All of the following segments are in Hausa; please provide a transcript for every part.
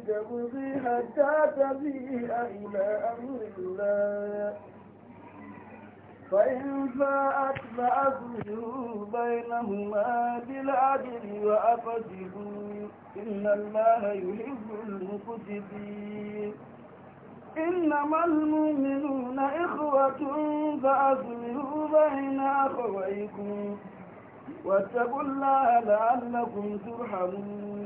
تبغي حتى تبيع إلى أمر الله فإن فاءت فأصلحوا بينهما بالعدل وأفسدوا إن الله يحب المقسطين إنما المؤمنون إخوة فأصلحوا بين أخويكم واتقوا الله لعلكم ترحمون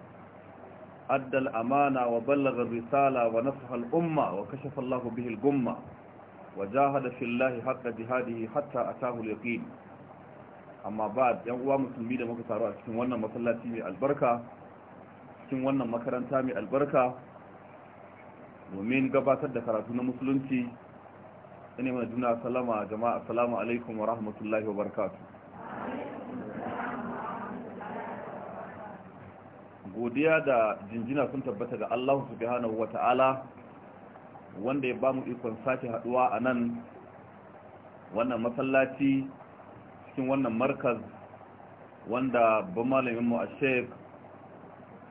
أدى الأمانة وبلغ الرسالة ونصح الأمة وكشف الله به الجمة وجاهد في الله حق جهاده حتى أتاه اليقين أما بعد ينقوى مسلمين da muka taru a cikin wannan masallaci mai albarka cikin wannan makaranta mai albarka domin gabatar da karatu na musulunci ina mana juna salama jama'a assalamu alaikum wa rahmatullahi wa barakatuh godiya da jinjina sun tabbata ga Allah subhanahu wata'ala wanda ya bamu ikon sake haduwa a nan wannan masallaci cikin wannan markaz wanda ban malamin mu a Sheikh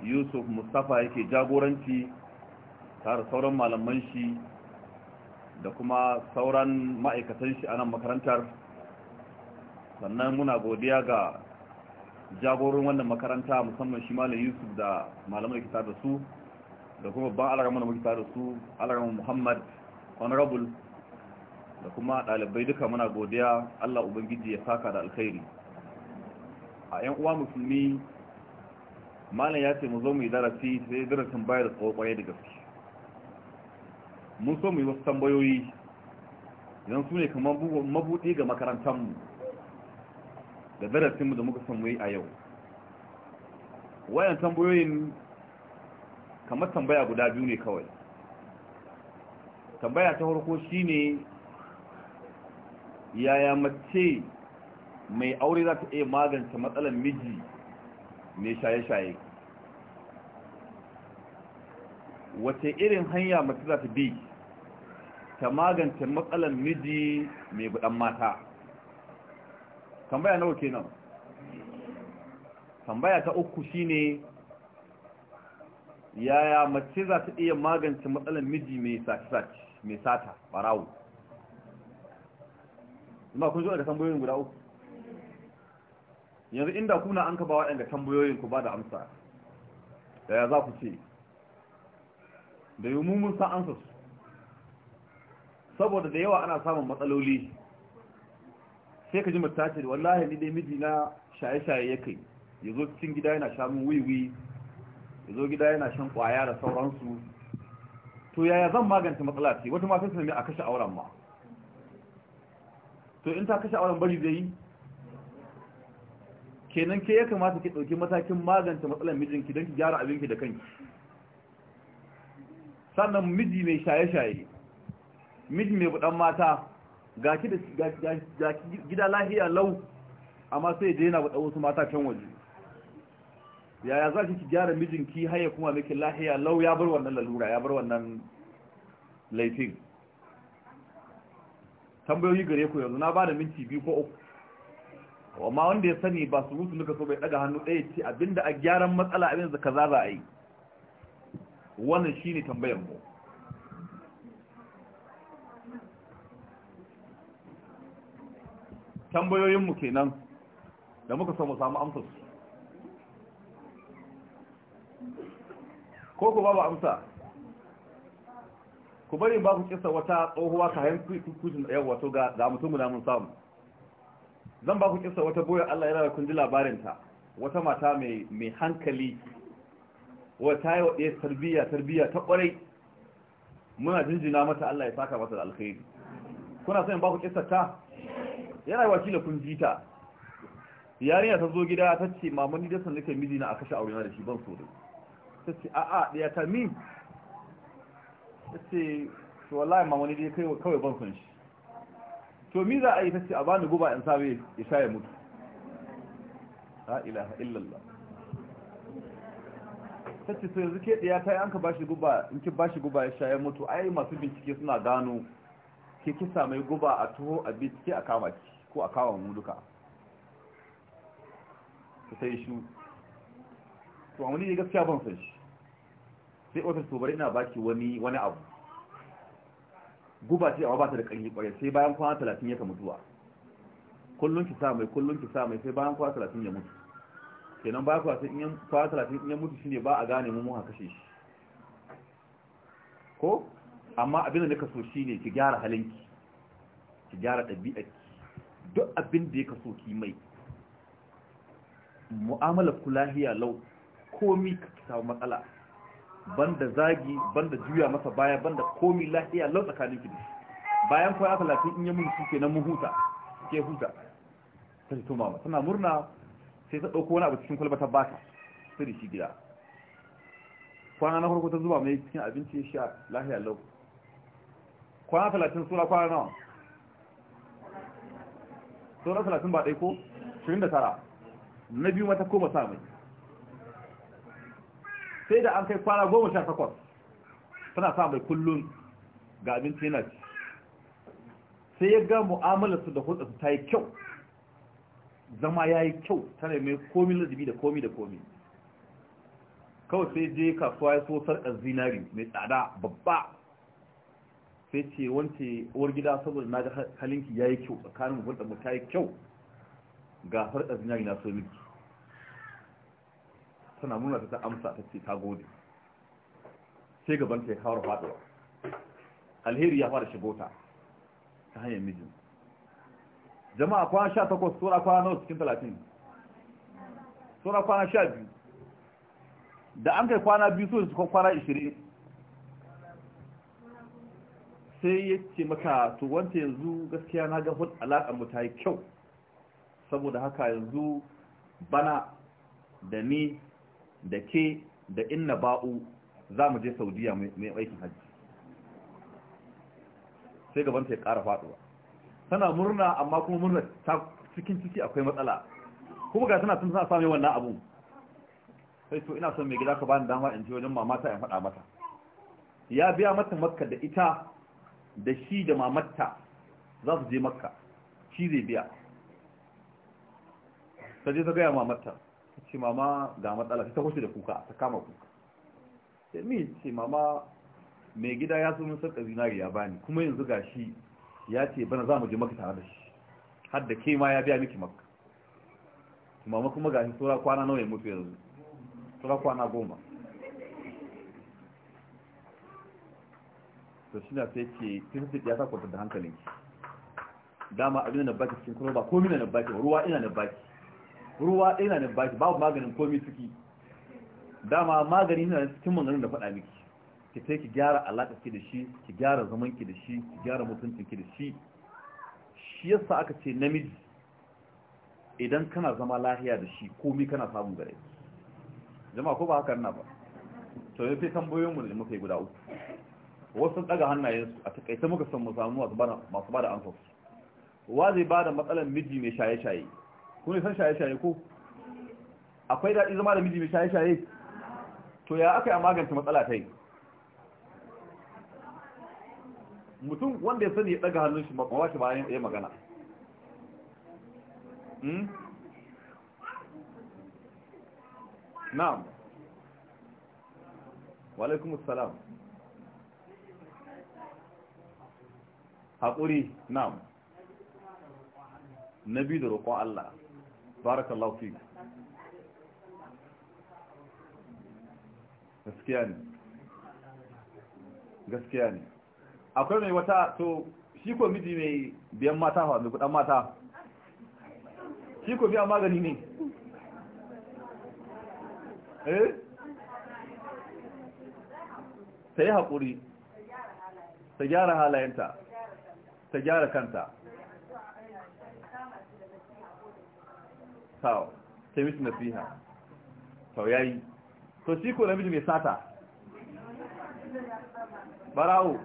Yusuf Mustafa yake jagoranci tare sauran malaman shi da kuma sauran ma'aikatan shi a nan makarantar sannan muna godiya ga jagorin wannan makaranta musamman shi malam yusuf da malamai kita da su da kuma ban alaramu da muka da su alaramu muhammad honorable da kuma dalibai duka muna godiya allah ubangiji ya saka da alkhairi a yan uwa musulmi malam ya ce mu zo mu yi darasi sai darasin bayar da tsawo da gaske mun so mu yi wasu tambayoyi idan su ne kamar mabuɗi ga mu da darasinmu da muka samu a yau wayan tambayoyin kamar tambaya guda biyu ne kawai tambaya ta farko shine yaya mace mai aure za ta iya magance matsalar miji mai shaye-shaye wace irin hanya mace za ta bi ta magance matsalar miji mai budan mata tambaya nawa kenan tambaya ta uku shine yaya mace za ta iya magance matsalar miji mai sace-sace mai sata barawo kuma kun zo da tambayoyin guda uku yanzu inda kuna an kaba waɗanda tambayoyin ku ba da amsa yaya za ku ce da yi mummun sa'ansa su saboda da yawa ana samun matsaloli sai ka ji mata wallahi ni dai miji na shaye-shaye ya kai ya zo cikin gida yana sha min wiwi ya zo gida yana shan kwaya da sauransu to yaya zan magance matsala ce wata ma sai a kashe auren ma to in ta kashe auren bari zai yi kenan ke ya kamata ki ɗauki matakin magance matsalar mijinki don ki gyara abinki da kanki sannan miji mai shaye-shaye miji mai buɗan mata ga gida lahiya lau amma sai da yana waɗa wasu mata can waje yaya za ki gyara mijinki haya kuma miki lahiya lau ya bar wannan lalura ya bar wannan laifin tambayoyi gare ku yanzu na ba da minti biyu ko uku amma wanda ya sani ba su mutu nuka so bai daga hannu ɗaya ce abinda a gyaran matsala abin da kaza za a yi wannan shine tambayar mu tambayoyinmu kenan da muka samu samu amsa su ko ku babu amsa ku bari ba ku kisa wata tsohuwa ka hayan kucin da yawa to ga mutum na mun samu zan ba ku kisa wata boyar Allah yana da kundi labarinta wata mata mai hankali wata yi wa ɗaya tarbiyya tarbiyya ta ƙwarai muna jinjina mata Allah ya saka masa da alkhairi kuna son ba ku kisa ta yana wa kila kun jita yarinya ta zo gida ta ce mamani da san nake miji na a kashe aure na da shi ban so da ta ce a'a da ta min ta ce to wallahi mamani da kai kawai ban son shi to mi za a yi ta ce a bani guba in sabe ya sha ya mutu la ilaha illallah ta ce to yanzu ke ɗaya ta yi an ka bashi guba in ki bashi guba ya sha ya mutu ai masu bincike suna gano ke kisa mai guba a tuho a bitke a kama ki ko a kawo mu duka ta sai shi to wani ne gaskiya ban san shi sai wata tubar ina baki wani wani abu guba ce amma ba ta da ƙarfi ƙwarai sai bayan kwana talatin ya kamu zuwa kullum ki sa mai kullum ki sa mai sai bayan kwana talatin ya mutu kenan ba kwa sai kwana talatin ya mutu shine ba a gane mu mun haka shi ko amma abin da nika so shine ki gyara halinki ki gyara ɗabi'arki duk abin da ya kaso ki mai mu'amalar kulahiya lau komi ka samu matsala banda zagi banda juya masa baya banda komi lahiya lau tsakanin ki bayan kwaya talatin in ya mun shi kenan mu huta ke huta ta fito mama tana murna sai ta ɗauko wani abu cikin kwalba ta bata sai shi gida kwana na farko ta zuba mai cikin abinci ya sha lahiya lau kwana talatin sura kwana nawa sura talatin ba ɗai ko shirin da tara na biyu mata koma sa mai sai da an kai kwana goma sha takwas tana sa mai kullum ga abinci yana ci sai ya ga mu'amalarsu da hulɗarsu ta yi kyau zama ya yi kyau tana mai komi ladabi da komi da komi kawai sai je kasuwa ya so sarƙar zinari mai tsada babba sai ce wance uwar gida saboda na ga halinki ya yi kyau tsakanin mu hulɗa mu ta yi kyau ga farɗa zinari na so miki tana muna ta amsa ta ce ta gode sai gaban ta ya kawar faɗuwa alheri ya fara shigo ta ta hanyar mijin jama'a kwana sha takwas tsora kwana nawa cikin talatin tsora kwana sha biyu da an kai kwana biyu so su kwana ishirin sai ya ce maka to wanda yanzu gaskiya na ga hud alaƙa mu ta yi kyau saboda haka yanzu bana da ni da ke da inna ba'u za mu je saudiya mai aikin hajji sai gaban ta ya ƙara faɗuwa tana murna amma kuma murna ta cikin ciki akwai matsala kuma ga tana tun suna samun wannan abu. sai to ina son mai gida ka bani dama in ji wajen mamata in faɗa mata ya biya mata makka da ita da shi da mamatta za su je makka shi zai biya ta je ta gaya mamatta ta ce mama ga matsala ta kwashe da kuka ta kama kuka sai mi ce mama mai gida ya so min sarka zinari ya bani kuma yanzu ga shi ya ce bana za mu je makka tare da shi har da ke ma ya biya miki makka mama kuma ga shi saura kwana nawa ya mutu yanzu saura kwana goma to shi na sai ke tifisit ya sa da hankalin dama abin na baki cikin kuma ba komi na baki ruwa ina na baki ruwa ina na baki babu maganin komi ciki dama magani na cikin maganin da faɗa miki ki sai ki gyara alaƙa ki da shi ki gyara zaman ki da shi ki gyara mutuncin ki da shi shi yasa aka ce namiji idan kana zama lahiya da shi komi kana samun gare jama'a ko ba haka na ba to yafi tambayoyin mu da muka yi guda uku wasu sun daga hannayensu a takaita muka san mu samu masu bada amsa wa zai bada matsalar miji mai shaye-shaye ku ne san shaye-shaye ko akwai daɗi zama da miji mai shaye-shaye to ya aka yi a magance matsala ta yi mutum wanda ya sani ya daga hannun shi makawa shi bayan ya magana hmm? na'am wa alaikumussalam haƙuri na'am na biyu da roƙon Allah baraka laufi gaskiya ne gaskiya ne akwai mai wata to shi ko miji mai biyan mata fa mai kudan mata shi ko biya magani ne eh ta yi haƙuri ta gyara halayenta ta gyara kanta sau ta mishi nasiha sau ya yi to shi ko namiji mai sata barawo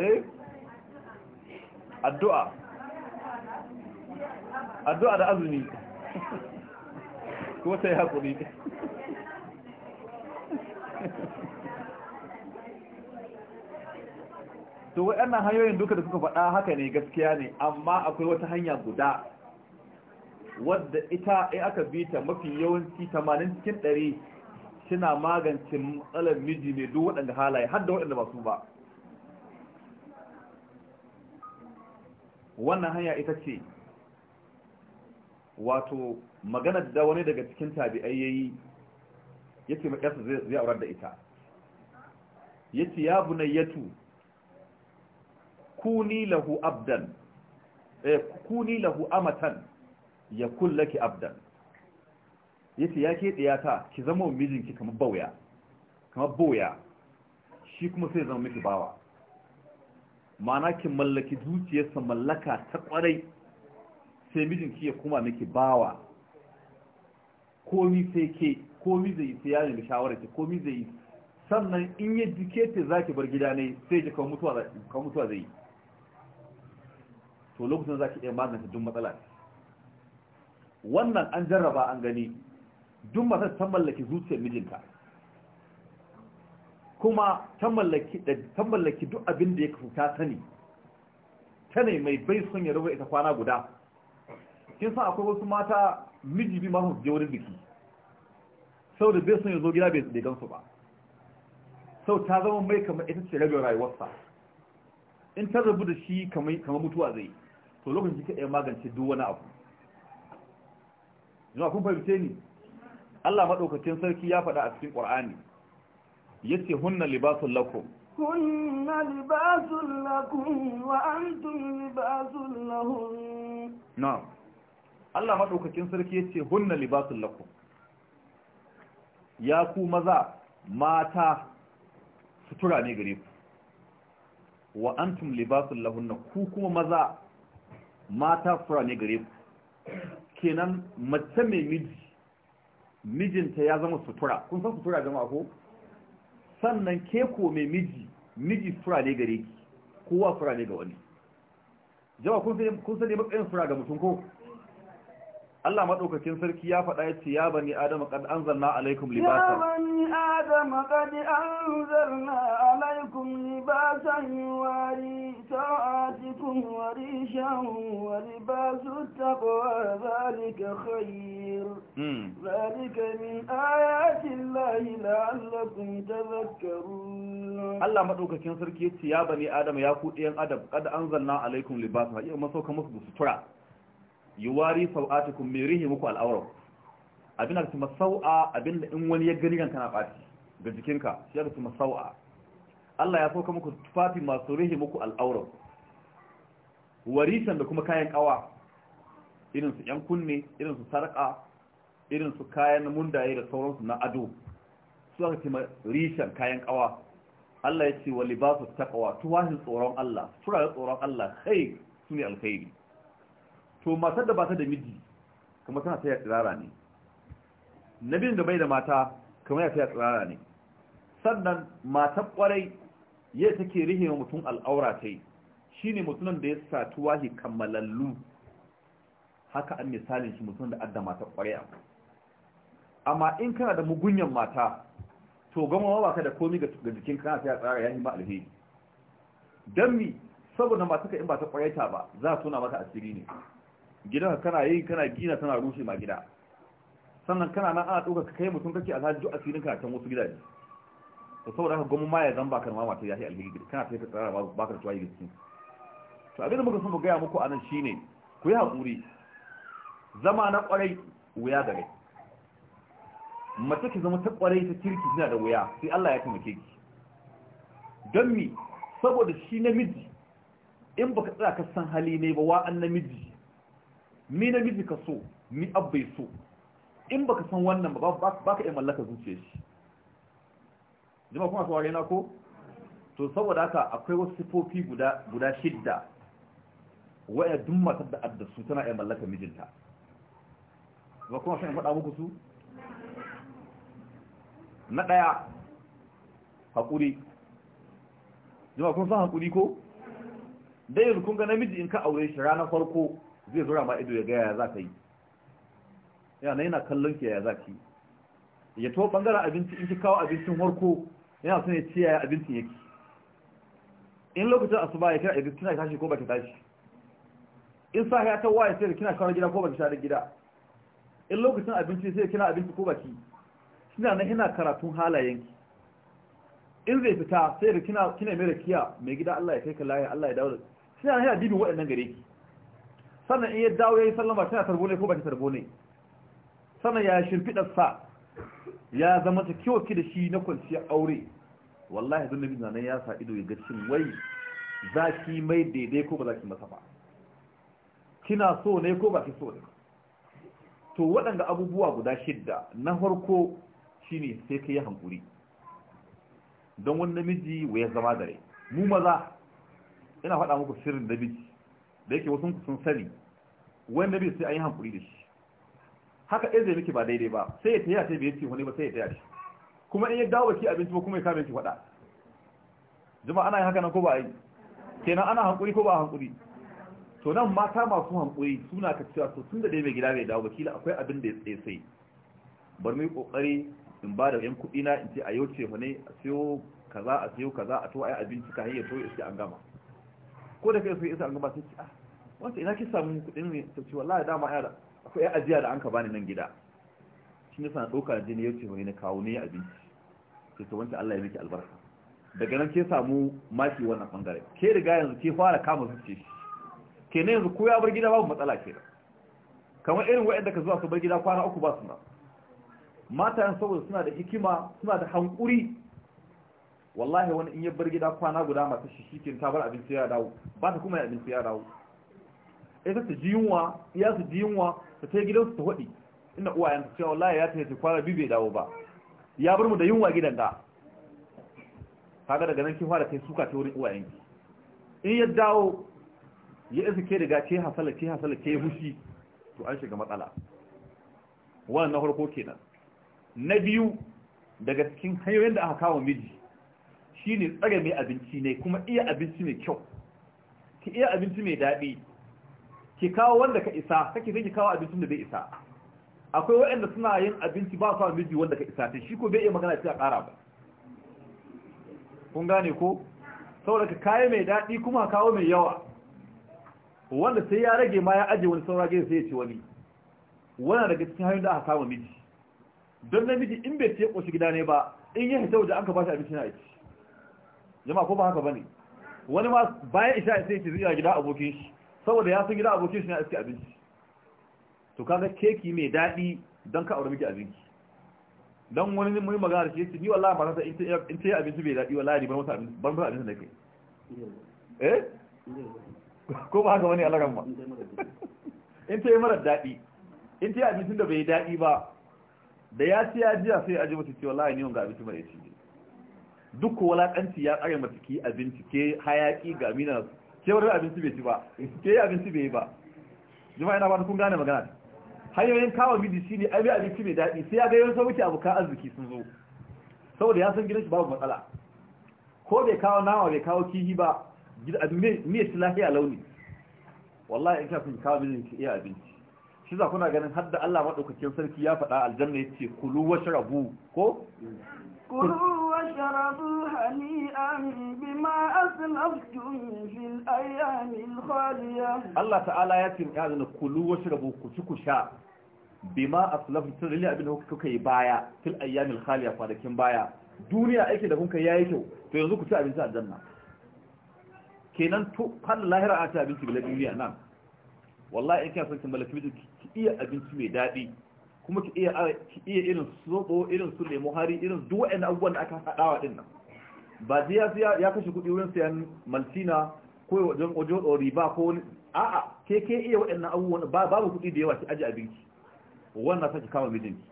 eh addu'a addu'a da azumi kuma sai haƙuri to waɗannan hanyoyin duka da kuka faɗa haka ne gaskiya ne amma akwai wata hanya guda wadda ita ai aka bi ta mafi yawanci 80 cikin 100 suna magance matsalar miji ne duk waɗanda halaye har da waɗanda ba su ba wannan hanya ita ce wato magana da wani daga cikin tabi'ai yayi yace makarsa zai aurar da ita yace ya bunayyatu kuni lahu abdan eh, kuni lahu amatan ya kullaki abdan yace ya ke diyata ki zama mijinki kamar bauya kamar boya shi kuma sai zama miki bawa ma'ana ki mallaki zuciyarsa mallaka ta kwarai sai mijinki ya kuma miki bawa komi sai ke komi zai sai ya nemi shawarar ki komi zai sannan in ya jike ta ki bar gida ne sai ji kawo mutuwa zai yi to lokacin za ki iya magance duk matsala wannan an jarraba an gani duk matsala ta mallaki zuciyar mijinta kuma ta mallaki duk abin da ya kafu ta sani ta ne mai bai son ya rubuta ita kwana guda kin san akwai wasu mata miji bi masu je wurin biki sau da bai son ya zo gida bai gansu ba sau ta zama mai kamar ita ce rabin rayuwarsa in ta rabu da shi kamar mutuwa zai yi to lokacin ka iya magance duk wani abu yana kun fahimce ni Allah madaukakin sarki ya faɗa a cikin Qur'ani yace hunna libasul lakum hunna libasul lakum wa antum libasul lahum na'am Allah madaukakin sarki yace hunna libasul lakum ya ku maza mata sutura ne gare ku wa antum libasul lahunna ku kuma maza mata fura ne gare ku kenan mace mai miji mijinta ya zama sutura kun san sutura jama'a ko sannan ke ko mai miji miji fura ne gare ki kowa fura ne ga wani jama'a kun san matsayin fura ga mutum ko Allah madaukakin sarki ya faɗa yace ya bani adam qad anzalna alaikum libasan!' ya bani adam qad anzalna alaikum libasan yuwari sa'atikum wa rishan wa libasu taqwa zalika khayr hmm. zalika min ayati llahi la'allakum tadhakkarun Allah madaukakin sarki yace ya bani adam ya ku ɗiyan adam qad anzalna alaikum libasan! ya masauka musu sutura yuwari sau'atukum mai rihe muku al'auran abin da kuma sau'a abin da in wani ya gani kan kana ɓaci ga jikinka shi da sau'a Allah ya sauka muku tufafi masu rihe muku al'auran warisan da kuma kayan ƙawa irin su kunne irin sarƙa irin su kayan mundaye da sauransu na ado su aka ce rishan kayan ƙawa Allah ya ce wa libasu taqwa tuwahin tsoron Allah turare tsoron Allah kai su ne alkhairi to matar da ba ta da miji kamar tana taya tsirara ne nabin da bai da mata kamar ya taya tsirara ne sannan matar kwarai yadda take rihe mutum al'aura ta yi shi ne mutumin da ya satu wahi kammalallu haka an misalin shi mutumin da adda matar kwarai a amma in kana da mugunyan mata to gama ba ka da komi ga jikin kana taya tsirara ya hima alheri don mi saboda masu ka in ba ta kwarai ta ba za a tuna maka asiri ne gidan kana yi kana gina tana rushe ma gida sannan kana nan ana ɗaukaka kai mutum kake alhaji a asirin ka can wasu gidaje to saboda haka gwamnati ma ya zan baka ma mata yahi alheri gida kana tafi tsara baka da tuwayi gaske to abin da muka so mu gaya muku anan shine ku yi haƙuri zama na ƙwarai wuya da rai. mace ki zama ta ƙwarai ta kirki kina da wuya sai Allah ya taimake ki don mi saboda shi namiji in baka tsaya ka san hali ne ba wa an namiji mi namiji ka so mi abbai so in baka san wannan ba baka iya mallaka zuciya shi jima kuma saurare na ko to saboda haka akwai wasu sifofi guda guda shidda waya duk mata da adda su tana iya mallaka mijinta ba kuma sai in faɗa muku su na ɗaya haƙuri jima kun san haƙuri ko dai yanzu kun ga namiji in ka aure shi ranar farko zai zura ma ido ya ga ya za ka yi yana yana kallon ki ya za ki ya to bangaren abinci in ki kawo abincin harko yana son ya ce yaya abincin yake in lokacin asuba ya kira abinci kina tashi ko baki tashi in sa ya tawaye sai kina kawo gida ko baki shawar gida in lokacin abinci sai kina abinci ko baki kina na hina karatun halayenki in zai fita sai da kina kina mai rakiya mai gida Allah ya kai ka lafiya Allah ya dawo kina na hina dibin waɗannan gare ki sannan in ya dawo ya yi sallama tana tarbo ne ko ba ta tarbo sannan ya da sa ya zama ta kiwoki da shi na kwanciyar aure wallahi don nabi zanen ya sa ido ya ga wai za ki mai daidai ko ba za ki masa ba kina so ne ko ba ki so ne to waɗanda abubuwa guda shidda na farko shine sai ka yi hankuri don wani namiji wai ya zama da rai mu maza ina faɗa muku sirrin namiji da yake wasu sun sani wani nabi sai an yi hankuri da shi haka ɗaya zai miki ba daidai ba sai ya taya sai bai ce wani ba sai ya taya shi kuma in ya dawo ki abinci ba kuma ya kame ki faɗa Juma ana yin haka nan ko ba yi kenan ana hankuri ko ba hankuri to nan mata masu hankuri suna ka cewa to tun da dai mai gida bai dawo wakila akwai abin da ya tsaye sai bar mu yi kokari in ba da yan kuɗi na in ce a yau ce wani a siyo kaza a siyo kaza a to ai abinci ka hanyar to ya ce an gama ko da kai sai isa an gaba sai ah wanda ina ki samu kuɗin ne ta ce wallahi ma yara akwai ya ajiya da an ka bani nan gida shi ne sana doka jini ya ce wani na kawo ne abinci sai ta wanda Allah ya miki albarka daga nan ke samu maki wannan bangare ke riga yanzu ke fara kama zuci ke ne yanzu ko ya bar gida babu matsala ke kamar irin waɗanda ka zuwa su bar gida kwana uku ba su na mata yan saboda suna da hikima suna da hankuri wallahi wani in ya bar gida kwana guda masu shi shikin ta bar abinci ya dawo ba ta kuma abinci ya dawo Ya ta ji yunwa ya su ji yunwa ta ta gidansu ta hudi inda uwayen ta cewa wallahi ya ta yi kwana biyu bai dawo ba ya bar mu da yunwa gidan da kaga daga nan kin fara kai suka ta wurin uwayen ki in ya dawo ya isa ke daga ce hasala ce hasala ke hushi to an shiga matsala wannan na farko kenan na biyu daga cikin hanyoyin da aka kawo miji shine tsare mai abinci ne kuma iya abinci mai kyau ki iya abinci mai daɗi ki kawo wanda ka isa kake sai ki kawo abincin da bai isa akwai waɗanda suna yin abinci ba su miji wanda ka isa ta shi ko bai iya magana sai a ƙara ba kun gane ko saboda ka kayi mai daɗi kuma kawo mai yawa wanda sai ya rage ma ya aje wani saura sai ya ce wani wannan daga cikin hanyoyin da aka kama miji don namiji in bai ce ƙoshi gida ne ba in yi hita waje an ka ba shi abinci na aiki jama'a ko ba haka bane wani ma bayan isha sai ki zira gida abokin shi saboda ya san gida abokin shi a iske abinci to kaga keki mai dadi don ka aure miki abinci don wani mai magana shi yace ni wallahi ba ta in ta yi abinci bai dadi wallahi ni ban masa abinci ban masa abinci da kai eh ko ba haka bane Allah ramma in ta yi mara dadi in ta yi abincin da bai dadi ba da ya ci jiya sai ya ji mutu ce wallahi ni wanga abinci mara ci duk walaƙanci ya tsare mata ki abinci ke hayaki ga mina ke wani abinci bai ci ba ke abinci bai yi ba jima'a ina ba kun gane magana hanyoyin kawo miji shi ne abin abinci mai daɗi sai ya ga yawan sauki abokan arziki sun zo saboda ya san gidan shi babu matsala ko bai kawo nama bai kawo kihi ba me shi lafiya launi wallahi in sha sun kawo mijin ki iya abinci shi za kuna ganin har da Allah madaukakin sarki ya faɗa aljanna ce kulu washrabu ko kulu واشربوا هنيئا بما أسلفتم في الأيام الخالية الله تعالى يتم يعني كلوا واشربوا كتكوا شاء bima aslaftum lillahi abin da kuka yi baya fil ayyamil khaliya kwanakin baya duniya aiki da kuka yayi kyau to yanzu ku ci abinci a janna kenan to har lahira a ci abinci bila duniya nan wallahi in kina son kin ki iya abinci mai dadi kuma ki iya irin soɓo irin su lemu hari irin duk waɗannan abubuwan da aka haɗa wa nan ba ziya ya kashe kuɗi wurin sayan maltina ko wajen ojo riba ko wani a'a ke ke iya waɗannan abubuwan babu kuɗi da yawa ki aje abinci. wannan sai ki kama mijinki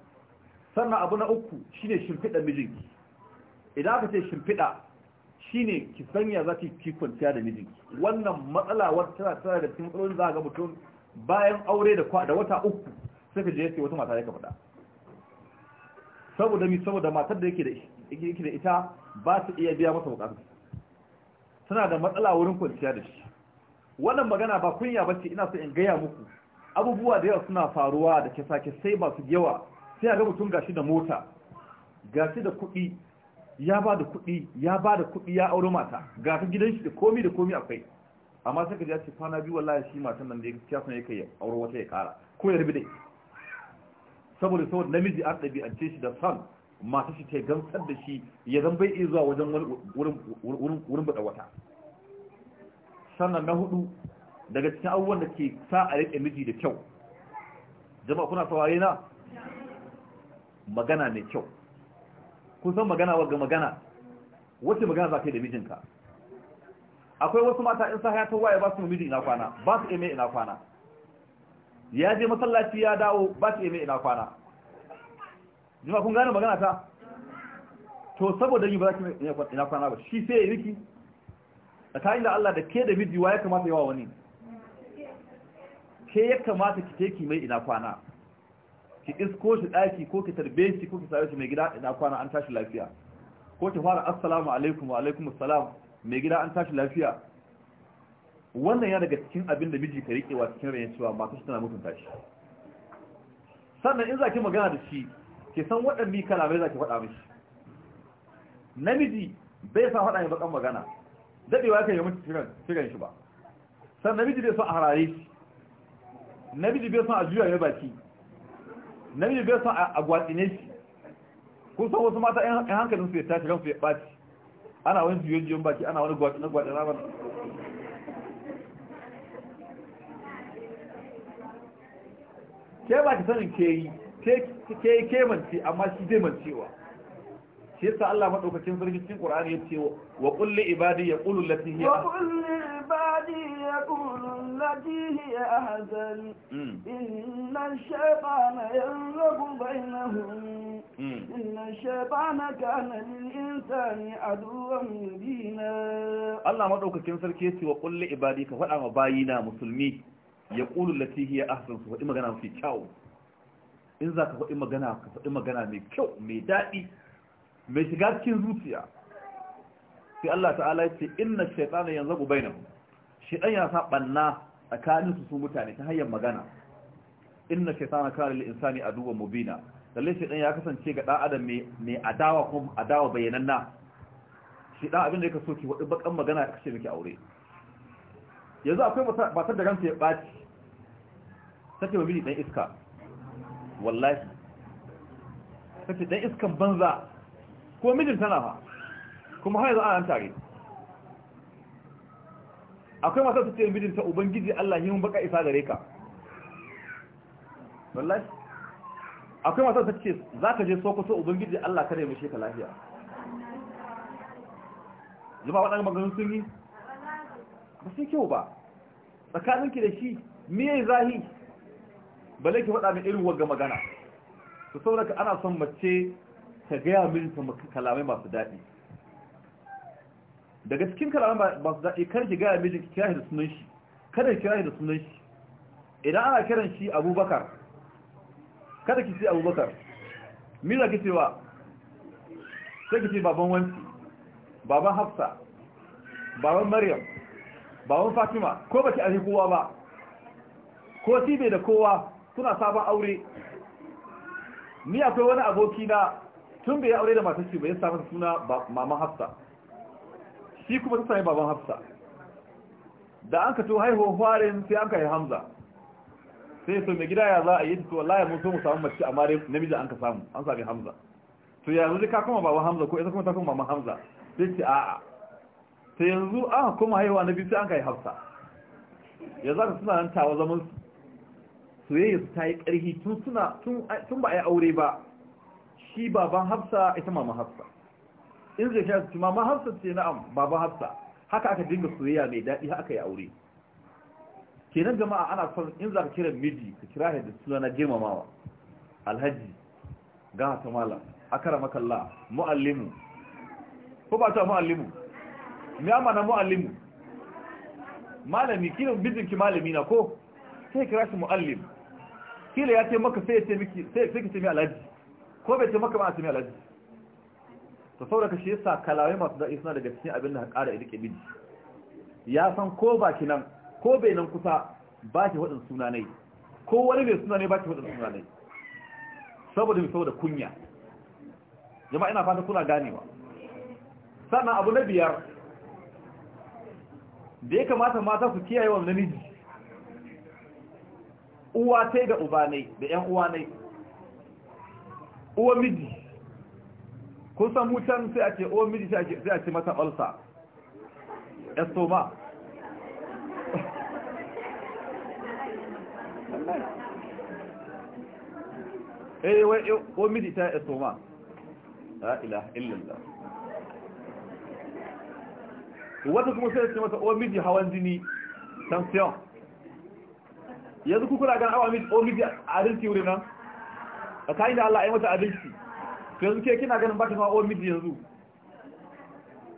sannan abu na uku shine shimfiɗa mijinki idan aka ce shimfiɗa shine ki sanya za ki kwanciya da mijinki wannan matsala wata tana da cikin matsalolin za ga mutum bayan aure da wata uku sai je yake wata mata ya ka faɗa saboda mi saboda matar da yake da yake da ita ba su iya biya masa bukatu tana da matsala wurin kwanciya da shi wannan magana ba kunya bace ina so in gaya muku abubuwa da yawa suna faruwa da sake sai ba su yawa sai a ga mutum gashi da mota gashi da kuɗi ya ba da kuɗi ya ba da kuɗi ya auro mata ga ta gidan shi da komi da komi akwai amma sai ka ji ce kwana biyu wallahi shi matan nan da ya kiyasan yake ya auro wata ya kara ko ya rubi da ita saboda saboda namiji an ɗabi'ance shi da son mata shi ta gamsar da shi ya zan bai iya zuwa wajen wurin buɗa wata sannan na hudu daga cikin abubuwan da ke sa a riƙe miji da kyau jama'a kuna saurare na magana mai kyau kun san magana wa ga magana wace magana za ka yi da mijinka akwai wasu mata in sa ya ta waye ba su miji ina kwana ba su ime ina kwana ya je masallaci ya dawo ba su mai ina kwana jima kun gane magana ta to saboda yi ba za ki ina kwana ba shi sai ya riki a ta da Allah da ke da miji wa ya kamata yawa wani ke ya kamata ki teki mai ina kwana ki isko shi daki ko ki tarbe shi ko ki sare shi mai gida ina kwana an tashi lafiya ko ki fara assalamu alaikum wa alaikum assalam mai gida an tashi lafiya wannan ya daga cikin abin da miji ka riƙewa cikin rayin cewa mata shi tana mutunta shi sannan in za ki magana da shi ki san waɗanne kalamai za ki faɗa mishi namiji bai sa faɗa mai bakan magana daɗewa kan yi mutu shirin shi ba sannan namiji bai son a harare shi namiji bai son a juya mai baki namiji bai son a gwatsine shi kun san wasu mata yan hankalin su ya tashi ran su ya ɓaci ana wani juyen juyen baki ana wani gwatsine ba ke ba ki sanin ke yi ke yi ke mance amma shi zai mancewa shi yasa Allah madaukakin sarki cikin Qur'ani ya ce wa qul ibadi yaqulu allati hiya wa qul li ibadi yaqulu allati hiya ahzan hmm. inna ash-shaytana yanzabu bainahum hmm. inna ash-shaytana kana lil insani aduwwan mubina Allah madaukakin sarki ya ce wa qul ibadi ka faɗa ma bayina musulmi ya ƙulu latihi ya ahsan su faɗi magana mafi kyau in za ka faɗi magana ka faɗi magana mai kyau mai daɗi mai shiga cikin zuciya sai Allah ta'ala ya ce inna shaytana yanzagu bainahum shaytan ya sa banna tsakanin su su mutane ta hanyar magana inna shaytana kana lil insani aduwwan mubina lalle shaytan ya kasance ga dan adam mai adawa kuma adawa bayyananna shaytan abin da yake so ki wadi bakan magana kace miki aure yanzu akwai matar da ranta ya baci sake ba biri dan iska wallahi sake dan iskan banza ko mijin tana fa kuma har yanzu an tare akwai masu su ce mijinta ubangiji Allah yi mun baka isa gare ka wallahi akwai masu su ce za ka je sokoto ubangiji Allah kare mu sheka lafiya zuba waɗannan maganin sun yi ba sai kyau ba tsakaninki da shi miye yayi zahi bale ki faɗa min irin wagga magana to saboda ana son mace ta gaya min ta kalamai masu daɗi daga cikin kalamai masu daɗi kar ki gaya mijin ki kira shi da sunan shi kada ki kira shi da sunan shi idan ana kiran shi abubakar kada ki ce abubakar mira ki ba, sai ki ce baban wanci baban hafsa baban maryam baban fatima ko baki a kowa ba ko shi bai da kowa suna sabon aure ni akwai wani aboki na tun bai aure da matar shi bai sami samu suna mama hafsa shi kuma ta sami baban hafsa da an ka to haihuwa farin sai an ka yi hamza sai so mai gida ya za a yi to wallahi ya mutu mu samu mace amma dai namiji an ka samu an sami hamza to yanzu ka kuma baban hamza ko ita kuma ta kuma mama hamza sai ce a'a sai yanzu an kuma haihuwa na biyu sai an ka yi hafsa yanzu ka suna nan tawa zaman su soyayya su ta yi ƙarfi tun ba a yi aure ba shi baban hafsa ita mama hafsa in zai shi su mama hafsa ce na'am baban hafsa haka aka dinga soyayya mai daɗi haka ya yi aure kenan jama'a ana son in za ka kira miji ka kira da suna na girmamawa alhaji ga hata malam akara makalla mu'allimu ko ba ta mu'allimu me amana mu'allimu malami kiran bijinki malami na ko sai kira shi mu'allimu kila ya ce maka sai ya ce miki sai sai ki ce mi alaji ko bai ce maka ba a ce mi alaji to saboda ka shi yasa kalawai masu da suna daga cikin abin da ka ƙara rike biji ya san ko ba ki nan ko bai nan kusa ba ki waɗin suna ne ko wani bai suna ne ba ki waɗin suna ne saboda mai saboda kunya jama'a ina fata kuna ganewa sannan abu na biyar da ya kamata mata su kiyaye wa namiji uwa ta ga uba ne da ƴan uwa ne uwa miji ko san mutan sai a ce uwa miji sai a ce mata ulcer estoma eh wai eh, uwa miji ta estoma la ilaha illallah wata kuma sai a ce mata uwa miji hawan jini tension yanzu ku na gan awa o omiji adalci wurin nan a kayan da Allah ya mata adalci to yanzu ke kina ganin ba ta ma omiji yanzu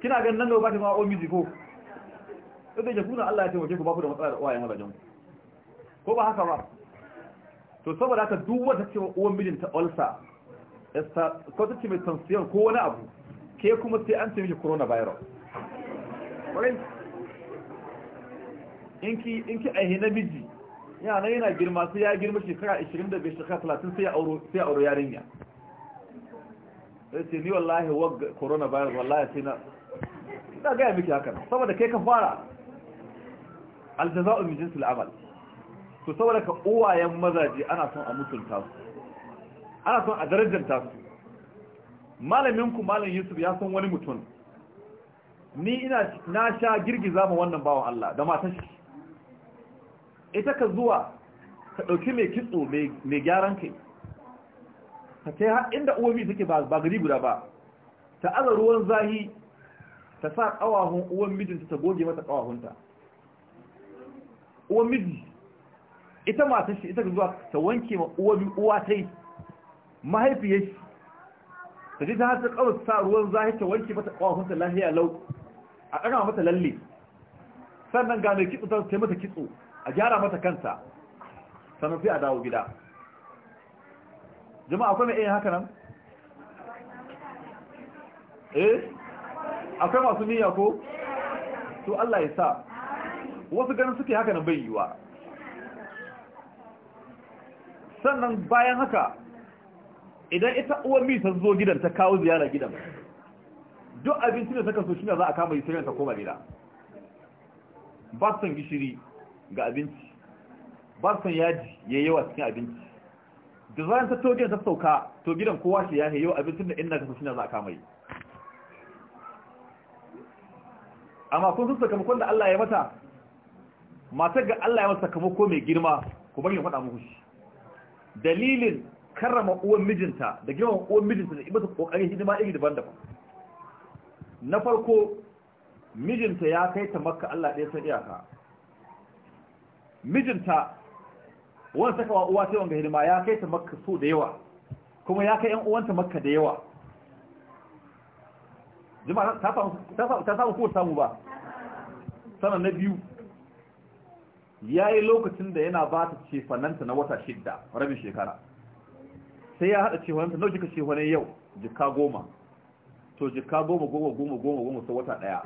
kina ganin nan da ba ta ma omiji ko sai da kuna Allah ya taimake ku ba ku da matsala da uwayen halajen ko ba haka ba to saboda haka duk wata ce uwan mijin ta olsa esta ko ta ce mai tansiyar ko wani abu ke kuma sai an ce corona coronavirus in in ki aihe namiji yana yana girma sai ya girma shekara 25 shekara 30 sai ya auro sai ya auro yarinya sai ni wallahi wa virus wallahi sai na ina ga miki haka saboda kai ka fara aljaza'u min jinsil amal to saboda ka uwayen mazaje ana son a mutunta su ana son a darajanta su malamin ku malam Yusuf ya san wani mutum ni ina na sha girgiza ma wannan bawan Allah da matan shi ita ka zuwa ka ɗauki mai kitso mai gyaran kai ka kai har inda uwami suke ba gari guda ba ta aza ruwan zahi ta sa ƙawahun uwan mijinta ta goge mata ƙawahunta uwan miji ita matan shi ita ka zuwa ta wanke ma uwan uwa ta yi mahaifiyar shi ta ji ta hasa ƙawar sa ruwan zahi ta wanke mata ƙawahunta lahiya lau a ƙara mata lalle sannan ga mai kitso ta mata kitso a gyara mata kanta sannan sai a dawo gida jama'a kuma mai iya haka nan eh akwai masu niyya ko to Allah ya sa wasu ganin suke haka nan bai yiwa sannan bayan haka idan ita uwar mi ta zo gidan ta kawo ziyara gidan duk abinci da ta kaso shi ne za a kama yi sai ta koma gida ba san gishiri ga abinci ba su yaji ya yawa cikin abinci da za ta toge ta sauka to gidan kowa shi ya yawa abincin da inda ka shine za a kama yi amma kun sun sakamakon da Allah ya mata matar ga Allah ya mata sakamako mai girma ku bari faɗa muku shi dalilin karrama uwan mijinta da girman uwan mijinta da ibata kokarin hidima iri daban-daban na farko mijinta ya kai ta makka Allah ɗaya san iyaka mijinta wani saka wa uwa sai wanga hidima ya kai ta makka so da yawa kuma ya kai yan uwanta makka da yawa ta samu ta samu ko samu ba sanar na biyu Ya yi lokacin da yana ba ta cefananta na wata shidda rabin shekara sai ya hada cefananta nau kika cefanen yau Jika goma to jika goma goma goma goma goma sai wata daya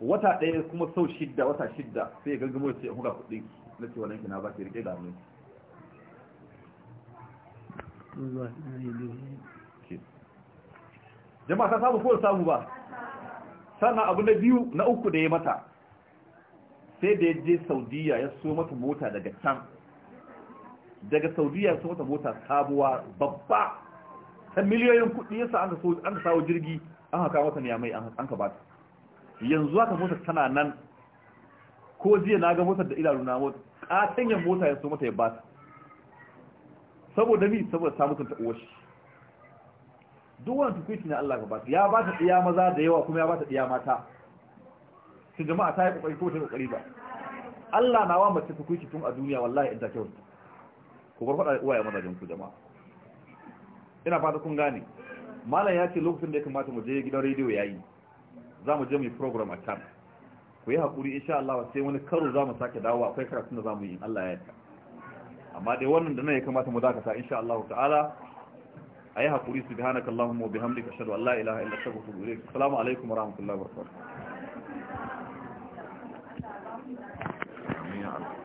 wata ɗaya kuma sau shidda wata shidda sai ya gangamo ce huga kuɗin na ce wannan kina ba ke rike da hannun jama'a ta samu ko samu ba sannan abu na biyu na uku da ya mata sai da ya je saudiya ya so mata mota daga can daga saudiya ya so mata mota sabuwa babba ta miliyoyin kuɗi yasa an ka sawo jirgi an haka mata ne mai an ka bata yanzu haka motar tana nan ko jiya na ga motar da idanu na mota katanyen mota ya so mata ya bata saboda mi saboda samun mutunta uwar shi duk wani tukuiti na Allah ka ba ya ba ta tsiya maza da yawa kuma ya ba ta tsiya mata su jama'a ta yi kokari ko ta kokari ba Allah na wa mace tukuiti tun a duniya wallahi in ta kyauta ku bar faɗa uwa uwaye mazajen ku jama'a ina fata kun gane malam ya ce lokacin da ya kamata mu je gidan rediyo ya yi. za mu je mu yi program a can ku yi haƙuri insha Allah sai wani karo za mu sake dawo akwai karatun da za mu yi Allah ya yarda amma dai wannan da nan ya kamata mu dakata insha Allah ta'ala ayi haƙuri subhanakallahumma wa bihamdika ashhadu an la ilaha illa anta wa atubu alaikum wa rahmatullahi wa barakatuh